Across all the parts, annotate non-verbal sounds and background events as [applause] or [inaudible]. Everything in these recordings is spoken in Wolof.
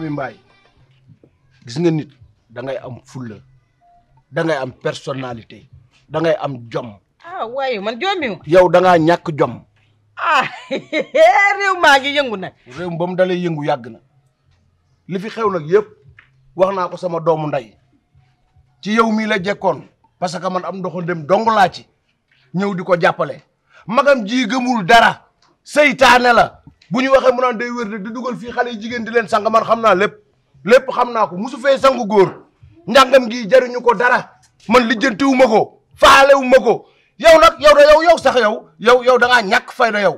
Mamy Mbaye gis nga nit da ngay am fulla da am personnalité da ngay am jom. ah waaye man jommiwuma. yow da ngaa ñàkk jom. ah [laughs] réew maa ngi yëngu nag. réew ba mu yëngu yàgg na li fi xew nag yëpp wax naa ko sama doomu nday ci yow mii la jekkoon parce que man am ndoxu dem dong laa ci ñëw di ko jàppale magam ji gëmul dara seytaane la bu ñu waxee mu naan day wér de di dugal fii xale yi jigéen di leen sang man xam naa lépp lépp xam naa ko musu fee sangu góor njàngam gi jariñu ko dara man lijjantiwu ma ko faalewu ma ko yow nag yow da yow yow sax yow yow yow da ngaa ñàkk fayda yow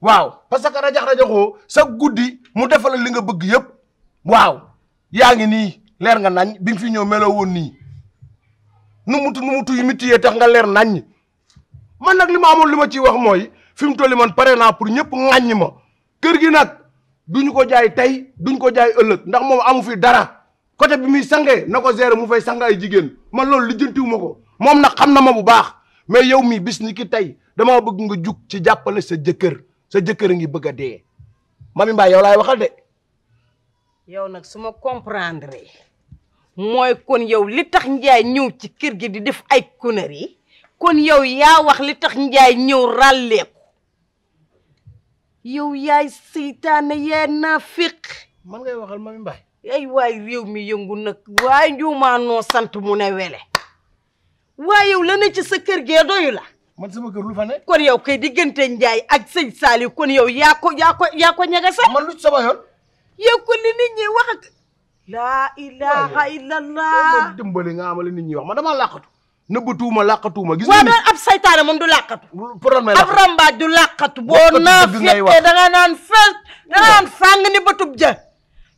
waaw parce que rajax rajaxoo sa guddi mu defal li nga bëgg yëpp waaw yaa ngi nii leer nga nañ bi fi ñëw meloo woon nii nu mu nu mu tuy mitiyee tax nga leer nañ man nag li ma amoon li ma ciy wax mooy fi mu tolli man pare naa pour ñëpp ŋàññ ma kër gi nag duñu ko jaay tey duñ ko jaay ëllëg ndax moom amu fi dara côté bi muy sangee na ko gérer mu fay sang ay jigéen ma loolu lijjantiwu ma ko moom nag xam na ma bu baax mais yow mii bis ni tey damaa bëgg nga jug ci jàppale sa jëkkër sa jëkkër a ngi bëgg a dee Mami Mbaye yow laay waxal de. yow nag su ma comprendre mooy kon yow li tax Njaay ñëw ci kër gi di def ay conneries yi kon yow yaa wax li tax Njaay ñëw ràlleeku yow yaay seytaane yaay naafiq man ngay waxal mami Mbaye ay waay réew mi yëngu nag waaye njuumaa noo sant mu ne wele waaye yow la ne ci sa kër gee doyu la man sama kër lu fa ne kon yow kay diggante Njaay ak sëñ Saali kon yow yaa ko yaa ko yaa man lu ci ko li nit ñi wax ak laa ilaha illallah dimbali nga amale nit ñi wax man dama làqatu tuuma làqatuuma. gis nga ni ab saytaane moom du làqatu. problème ab rambaaj du làqatu. boo naa fekkee da nga naan fel da naan fàng ni bëtub ja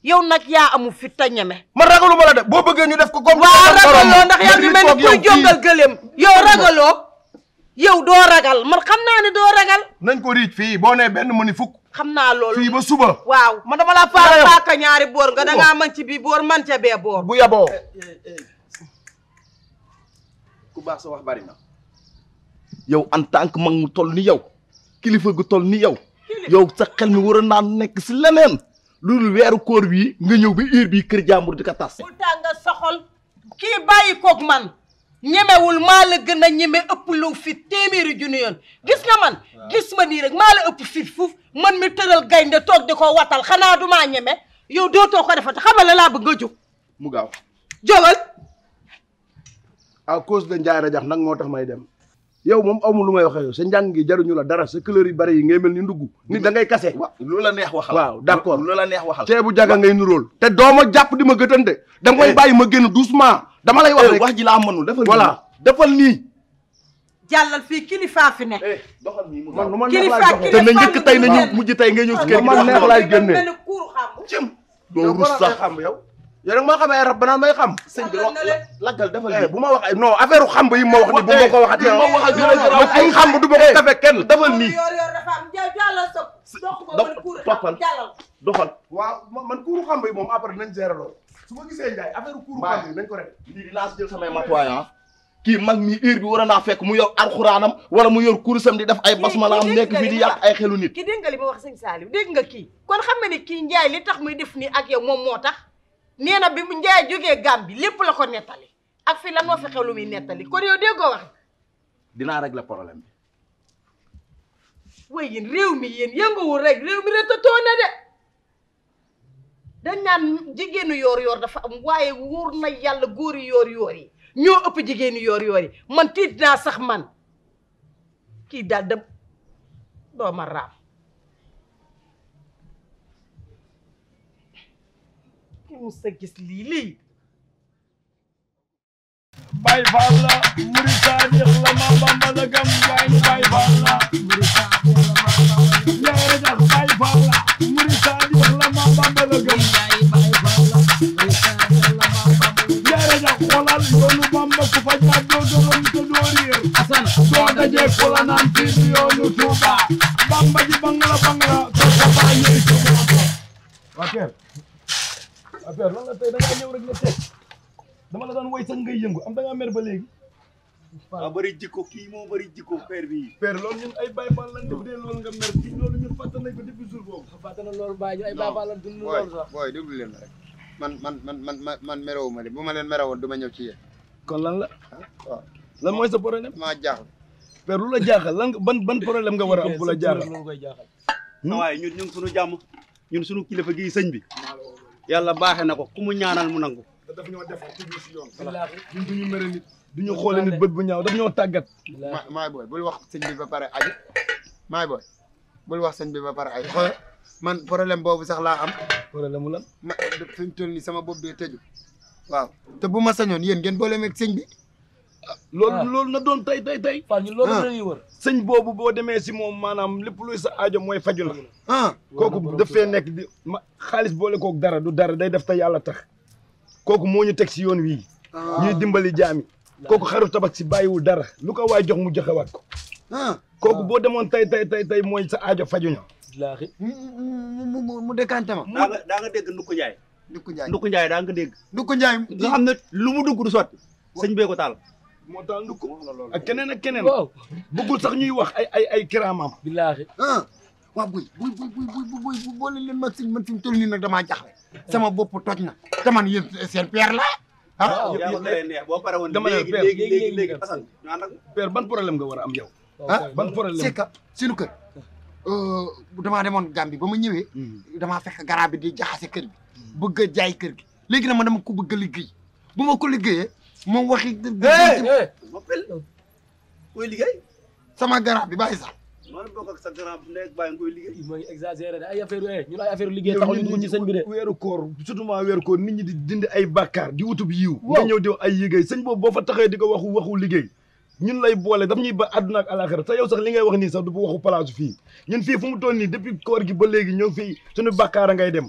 yow nag yaa amu fit te ñeme. man ragaluma la de boo bëggee ñu def ko. comme waaw ragaloo ndax yaa ngi mel ni kuy jongal gëléem. yow ragaloo yow doo ragal man xam naa ne doo ragal. nañ ko riij fii boo nee benn mu ni fukk. xam naa lool fii ba suba. waaw man dama la paaka ñaari boor nga da ngaa mën ci bi boor man ca bee boor. bu yaboo. Eh, eh, eh. ku baax sa wax yow en tant que mag mu tol ni yow kilifa gu toll ni yow yow sa xel mi war a nekk si leneen loolu weeru koor bii nga ñëw ba heure bii kër jàmbur di ko tas. bu tànga soxol kii bàyyi koog man ñemewul maa la gën a ñeme ëpp lu fi téeméeri junni yoon gis nga man gis ma nii rek maa la ëpp fit fuuf man mi tëral gaynde toog di ko watal xanaa du maa ñeme yow dootoo ko defati xamal la laa bëgg nga jóg mu jógal à cause de njaay rajax nak moo tax may dem yow mom amu lu may waxe sa njang gi jaruñu la dara sa couleur yi bari yi ngay mel ni ndugg nit da ngay kase la neex waxal waaw d'accord la neex waxal té bu jaga ngay nuróol té dooma jàpp di ma gëtante da ngoy eh. bayyi ma génn doucement dama lay wax eh, rek wax ji la mënul defal voilà defal ni jallal fi kilifa fi ne eh, man nu ma neex laay joxe te na ñëk tay na ñu mujj tay ngay ñëw ci kër gi man neex laay génne jëm doo rus sax yow yow nag maa xam ay rab may xam. sëñ bi laggal defal eh, lii bu ma wax non affaire xam yi ma wax ni bu ma ko waxatee. ma wax ak ay xam du ma ko kafe kenn defal nii. toppal doxal. waaw man kuuru xam yi moom après nañ gérer su ma gisee Ndiaye affaire kuuru xam yi nañ ko rek. lii dinaa jël samay matuwaay ah. kii mag mi heure bi war naa fekk mu yor alxuraanam mu def ay basmalaam nekk fii di yàq ay xelu nit. ki dégg nga li ma wax sëñ Saliou dégg kii kon xam nga ni kii Ndiaye li tax muy def nii ak yow moom moo tax nee na bi mu njaay jógee Gàmbi lépp la ko nettali ak fii lan moo fi xew lu muy nettali kon yow déggoo wax dinaa régler problème bi way yéen réew mi yéen yënguwul rek réew mi retatoo na de dañ naan jigéenu yoor dafa am waaye wóor na yàlla góor yi yoor yoor ñoo ëpp jigéenu yoor yoor yi man tiit naa sax man ki daal da doo مستقص ليلي باي فالا مريتاني خلما بابا دا كم جاين باي فالا مريتاني يا رجال باي فالا مريتاني خلما بابا دا كم جاين باي فالا مريتاني خلما بابا يا رجال خلال يونو بامبا كفاجا دو دو دو دو رير دو دا جي خلانان تيدو يونو توبا بامبا جي بانغلا بانغلا توبا باي يونو توبا Bakın. affaire lan la tey da ngaa ñëw rek la daan woy sax ngay yëngu am da ngaa ba léegi. waaw ah, bëri jikko kii moo bëri jikko père bi. père loolu ñun ay Baye Fall lañ loolu nga ah, na loolu Baye ñu ay Baye Fall lañ dund loolu sax. booy déglu leen rek man man man man man merewu ma de bu ma leen merewoon du ma ñëw ci kon lan la. Ah, waaw lan mooy sa problème. maa jaaxal. père lu la jaaxal lan ban ban problème nga war a am. bu la jaaxal hmm? waaye ñun ñun suñu jàmm ñun suñu kilifa gi sëñ bi yàlla baaxe na ko ku mu ñaanal mu nangu. daf ñoo def toujours si yoon. voilà ñun du ñu mere nit. du ñu xoole nit bët bu ñaaw daf ñoo tàggat. ma maay booy bul wax sëñ bi ba pare aji maay booy bul wax sëñ bi ba pare aji xool man problème boobu sax laa am. problème mu lan. ma fi mu nii sama bopp bee tëju. waaw te bu ma sañoon yéen ngeen boole meeg sëñ bi. loolu ah. loolu na doon tey tey tey. Fall ñu loolu la ah. ñuy wër. sëñ boobu boo demee si moom maanaam lépp luy sa aajo mooy faju na ah kooku daf fee nekk di ma xaalis boole kook dara du dara day def te yàlla tax kooku moo ñu teg si yoon wii. Ah. ñuy dimbali jaami. kooku xaru tabax si bàyyiwul dara lu ko waay jox mu joxewaat ko. kooku boo demoon tey tey tey tey mooy sa aajo faju na. mu mu mu décanté ma. daa nga daa nga dégg Ndukku Njaay. Ndukku Njaay Ndukku Njaay daa nga dégg. Ndukku Njaay nga xam ne lu mu dugg du sotti sëñ bee ko taal. moo tax lu ko ak keneen ak keneen. waaw bëggul sax ñuy wax ay ay ay kiraamam. billaahi ah waaw buy buy buy buy buy buy boole leen ma si man fi mu toll nag damaa jaxle. sama boppu toj na te man yéen seen père la. ah yow boo pare woon léegi léegi léegi léegi Assane père ban problème nga war a am yow. ah ban problème c'est que sunu kër. Euh, damaa demoon Gambie ba ma ñëwee. Hmm. damaa fekk garab bi di jaxase kër gi. bëgg a jaay kër gi léegi nag man dama ko bëgg a liggéey bu ma ko liggéeyee moom waxi. noppil eh, eh. koy liggéey. sama garab bi bàyyi sax. man bokk ak sa garab nekk bàyyi nga koy liggéey. mooy exagéré ay affaire eh, ñun ay affaire liggéey taxul ñu ci sëñ bi de. weeru koor surtout maa weeru koor nit ñi di dindi ay bàkkaar di utub yiw. waaw nga ñëw di ay liggéey sañ boobu boo fa taxee di ko waxu waxu liggéey. ñun lay boole daf ñuy ba àdduna ak alaxira te yow sax li ngay wax nii sax du waxu palaasu fii ñun fi fu mu toll nii depuis koor gi ba léegi ñoo fii suñu bàkkaar a ngay dem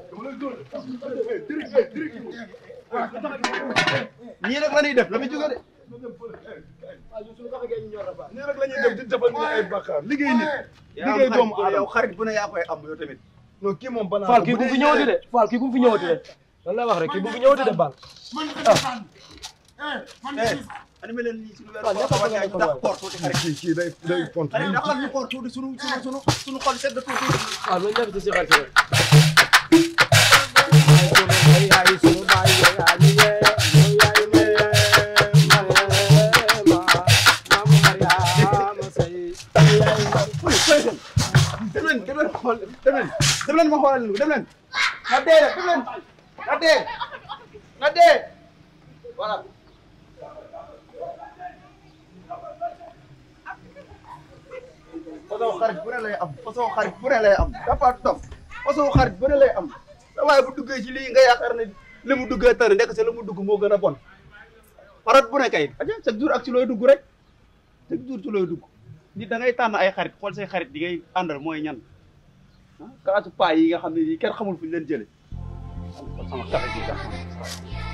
ñii rek la ñuy def la muy jóge de. ñii rek la ñuy def di defal ñu ay bakkaar liggéey nit. liggéey doomu aadama yow xarit bu ne yaa koy am yow tamit. non kii moom balaa Fall kii bu fi ñëwati de Fall kii bu fi ñëwati de. Eh, lan la wax rek kii bu fi ñëwati de Bal. animé leen lii suñu weeru koor waaye ñu dàq koor tuuti xarit kii kii day day pont. xarit dàqal ñu koor tuuti suñu suñu suñu xol sedd tuuti. waaw loolu ñëpp ci si xarit Dablan ma xoolal lu dablan. leen dablan. dee rek dem leen xarit bu ne lay am façon xarit bu ne lay am dafa tof façon xarit bu ne lay am bu ci nga ne dugg bon aja ak ci rek ci dugg da ngay ay xarit say di ngay under mooy ah kaasu paa yi nga xam ne nii kenn xamul fu ñu leen jëlee. sama sama café gi